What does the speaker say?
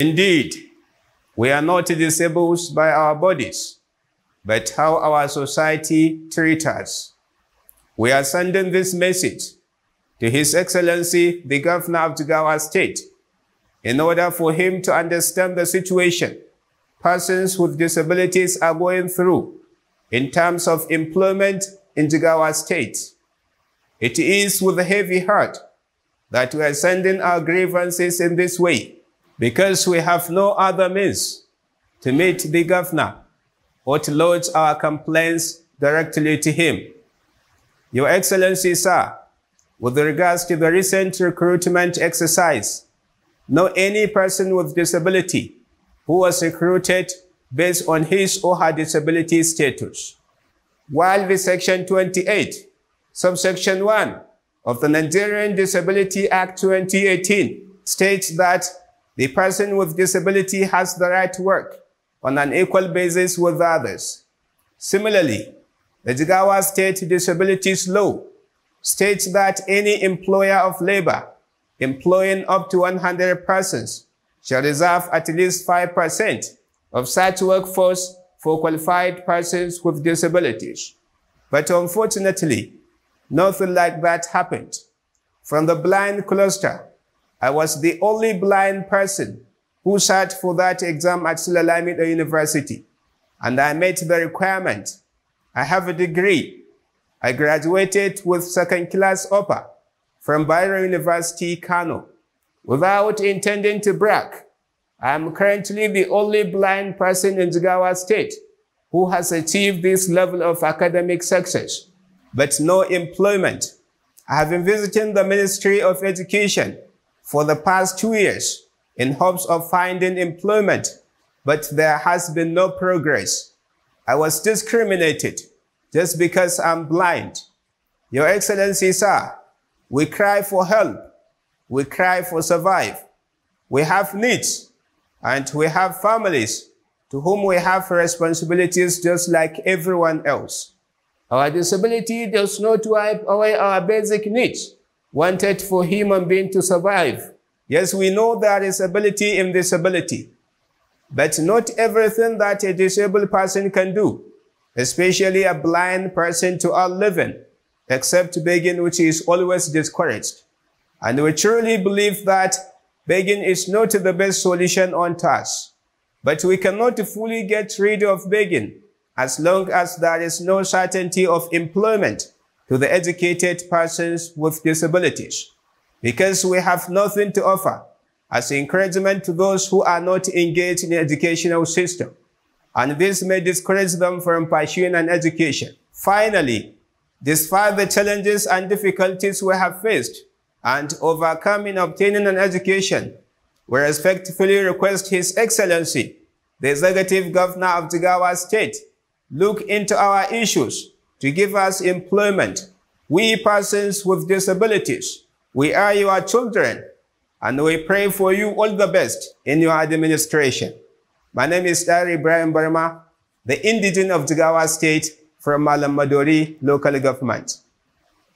Indeed, we are not disabled by our bodies, but how our society treats us. We are sending this message to His Excellency, the Governor of Jigawa State, in order for him to understand the situation persons with disabilities are going through in terms of employment in Jigawa State. It is with a heavy heart that we are sending our grievances in this way because we have no other means to meet the governor or to lodge our complaints directly to him. Your Excellency, sir, with regards to the recent recruitment exercise, know any person with disability who was recruited based on his or her disability status. While the Section 28, Subsection 1 of the Nigerian Disability Act 2018 states that the person with disability has the right to work on an equal basis with others. Similarly, the Jigawa State Disabilities Law states that any employer of labor employing up to 100 persons shall reserve at least 5% of such workforce for qualified persons with disabilities. But unfortunately, nothing like that happened. From the blind cluster I was the only blind person who sat for that exam at Sulalamida University. And I met the requirement. I have a degree. I graduated with second class upper from Bayero University, Kano. Without intending to brag, I am currently the only blind person in Jigawa state who has achieved this level of academic success, but no employment. I have been visiting the Ministry of Education for the past two years in hopes of finding employment, but there has been no progress. I was discriminated just because I'm blind. Your Excellency, sir, we cry for help. We cry for survive. We have needs and we have families to whom we have responsibilities just like everyone else. Our disability does not wipe away our basic needs wanted for human being to survive. Yes, we know there is ability in disability, but not everything that a disabled person can do, especially a blind person to our living, except begging, which is always discouraged. And we truly believe that begging is not the best solution on task, but we cannot fully get rid of begging as long as there is no certainty of employment to the educated persons with disabilities, because we have nothing to offer as encouragement to those who are not engaged in the educational system, and this may discourage them from pursuing an education. Finally, despite the challenges and difficulties we have faced and overcome in obtaining an education, we respectfully request His Excellency, the Executive Governor of Jigawa State, look into our issues to give us employment. We persons with disabilities, we are your children, and we pray for you all the best in your administration. My name is Dari Brian Burma, the indigent of Jigawa State from Malamadori local government.